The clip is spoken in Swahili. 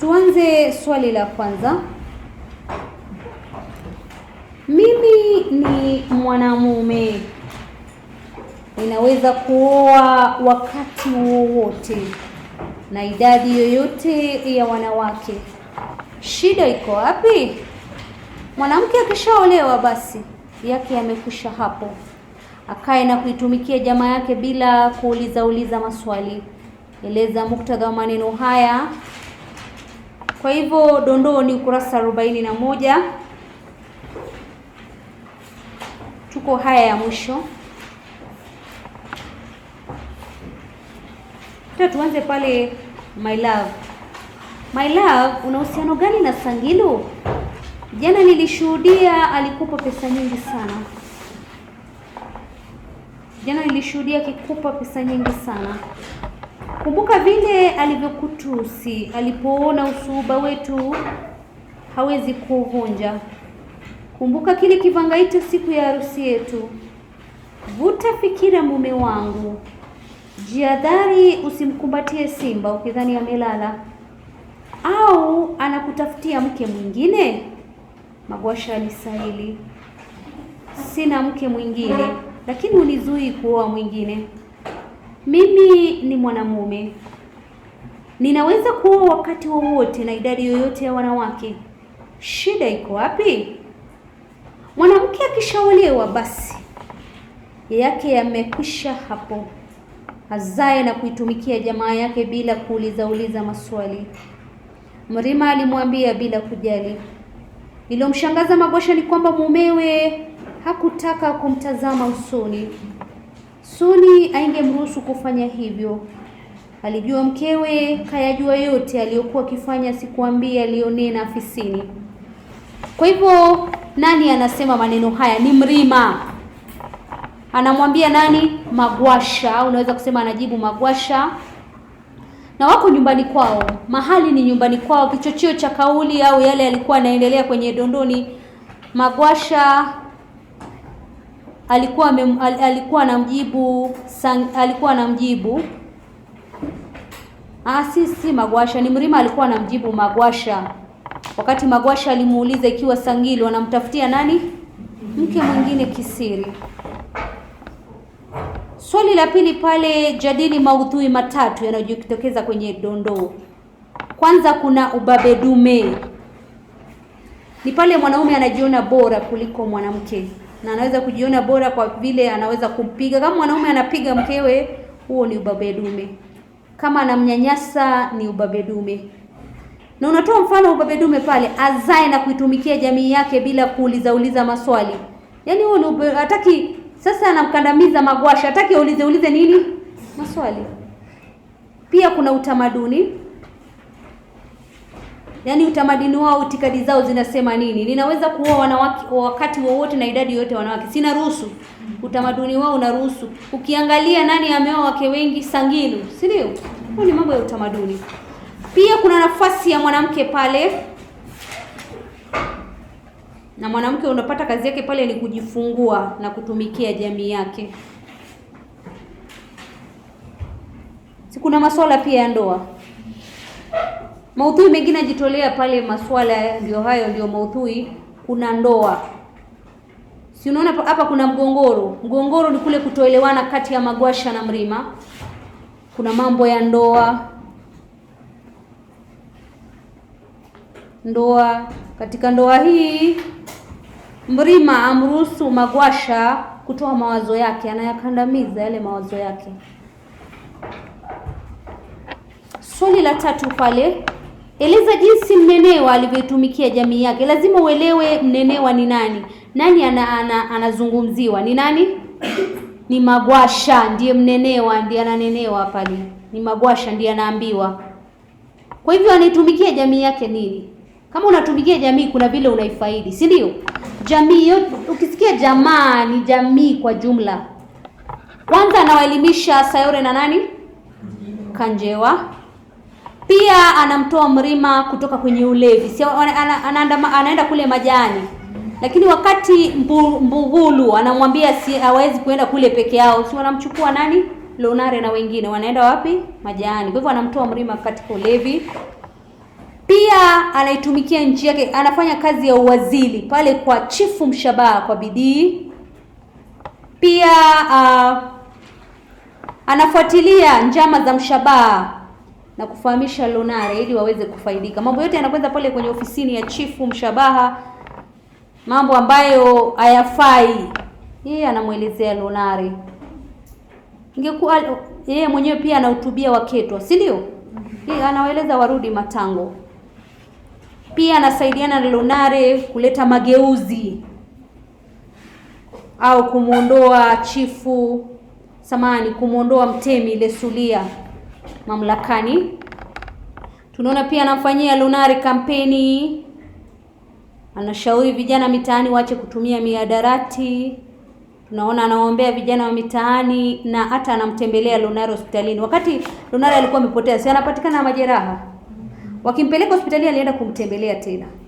Tuanze swali la kwanza. Mimi ni mwanamume, ninaweza kuoa wakati wowote na idadi yoyote ya wanawake. Shida iko wapi? Mwanamke akishaolewa basi yake yamekwisha hapo, akae na kuitumikia jamaa yake bila kuuliza uliza maswali. Eleza muktadha wa maneno haya kwa hivyo dondoo ni ukurasa arobaini na moja. Tuko haya ya mwisho, ta tuanze pale my love. My love, una uhusiano gani na Sangilu? Jana nilishuhudia alikupa pesa nyingi sana. Jana nilishuhudia akikupa pesa nyingi sana. Kumbuka vile alivyokutusi alipoona usuba wetu hawezi kuvunja Kumbuka kile kivangaito siku ya harusi yetu. Vuta fikira, mume wangu, jiadhari usimkumbatie simba ukidhani amelala au anakutafutia mke mwingine. Magwasha alisahili, sina mke mwingine, lakini unizui kuoa mwingine. Mimi ni mwanamume, ninaweza kuoa wakati wowote na idadi yoyote ya wanawake. Shida iko wapi? Mwanamke akishaolewa basi yake yamekwisha hapo, azae na kuitumikia jamaa yake bila kuuliza uliza maswali. Mrima alimwambia bila kujali. Iliyomshangaza Magosha ni kwamba mumewe hakutaka kumtazama usoni. Suni aingemruhusu kufanya hivyo. Alijua mkewe kayajua yote aliyokuwa akifanya, sikuambia aliyonena afisini. Kwa hivyo nani anasema maneno haya? Ni Mrima anamwambia nani? Magwasha. Unaweza kusema anajibu Magwasha, na wako nyumbani kwao. Mahali ni nyumbani kwao, kichocheo cha kauli au yale yalikuwa yanaendelea kwenye dondoni. Magwasha alikuwa mem, al, alikuwa anamjibu alikuwa anamjibu ah, si si Magwasha ni Mrima alikuwa anamjibu Magwasha wakati Magwasha alimuuliza ikiwa Sangili wanamtafutia nani mke mwingine kisiri. Swali la pili pale, jadili maudhui matatu yanayojitokeza kwenye dondoo. Kwanza kuna ubabe dume, ni pale mwanaume anajiona bora kuliko mwanamke na anaweza kujiona bora kwa vile anaweza kumpiga. Kama mwanaume anapiga mkewe, huo ni ubabe dume. Kama anamnyanyasa ni ubabe dume. Na unatoa mfano ubabe dume pale azae na kuitumikia jamii yake bila kuuliza uliza maswali. Yaani huo hataki sasa, anamkandamiza magwasha hataki aulize ulize nini maswali. Pia kuna utamaduni yaani utamaduni wao, itikadi zao zinasema nini. Ninaweza kuoa wanawake kwa wakati wowote na idadi yoyote wanawake, sina ruhusu. Utamaduni wao unaruhusu. Ukiangalia nani ameoa wake wengi, Sangilu, si ndio? Huo ni mambo ya utamaduni. Pia kuna nafasi ya mwanamke pale, na mwanamke unapata kazi yake pale ni kujifungua na kutumikia jamii yake. Si kuna masuala pia ya ndoa Maudhui mengine ajitolea pale maswala ndio hayo, ndio maudhui. Kuna ndoa, si unaona hapa kuna mgongoro. Mgongoro ni kule kutoelewana kati ya Magwasha na Mrima. Kuna mambo ya ndoa, ndoa. Katika ndoa hii Mrima amruhusu Magwasha kutoa mawazo yake, anayakandamiza yale mawazo yake. Swali la tatu pale Eleza jinsi mnenewa alivyoitumikia jamii yake. Lazima uelewe mnenewa ni nani, nani anazungumziwa, ana, ana ni nani? Ni Magwasha ndiye mnenewa, ndiye ananenewa pale, ni Magwasha ndiye anaambiwa. Kwa hivyo anaitumikia jamii yake nini? Kama unatumikia jamii, kuna vile unaifaidi, si ndio? Jamii yote, ukisikia jamaa ni jamii kwa jumla. Kwanza anawaelimisha Sayore na nani Kanjewa pia anamtoa Mrima kutoka kwenye ulevi, si anaenda kule majani. Lakini wakati Mbugulu anamwambia si hawezi kuenda kule peke yao, si wanamchukua nani? Lonare na wengine wanaenda wapi? Majani. Kwa hivyo anamtoa Mrima katika ulevi. Pia anaitumikia nchi yake, anafanya kazi ya uwazili pale kwa chifu Mshabaha kwa bidii. Pia uh, anafuatilia njama za Mshabaha na kufahamisha Lonare ili waweze kufaidika. Mambo yote yanakwenda pale kwenye ofisini ya Chifu Mshabaha, mambo ambayo hayafai. Yeye anamwelezea Lonare, ingekuwa yeye mwenyewe pia anahutubia Waketwa, si ndio? Anawaeleza warudi Matango. Pia anasaidiana na Lonare kuleta mageuzi au kumwondoa chifu samani, kumwondoa mtemi Lesulia mamlakani. Tunaona pia anamfanyia Lunari kampeni, anashauri vijana mitaani waache kutumia miadarati. Tunaona anaombea vijana wa mitaani na hata anamtembelea Lunari hospitalini. Wakati Lunari alikuwa amepotea, si anapatikana na majeraha, wakimpeleka hospitali alienda kumtembelea tena.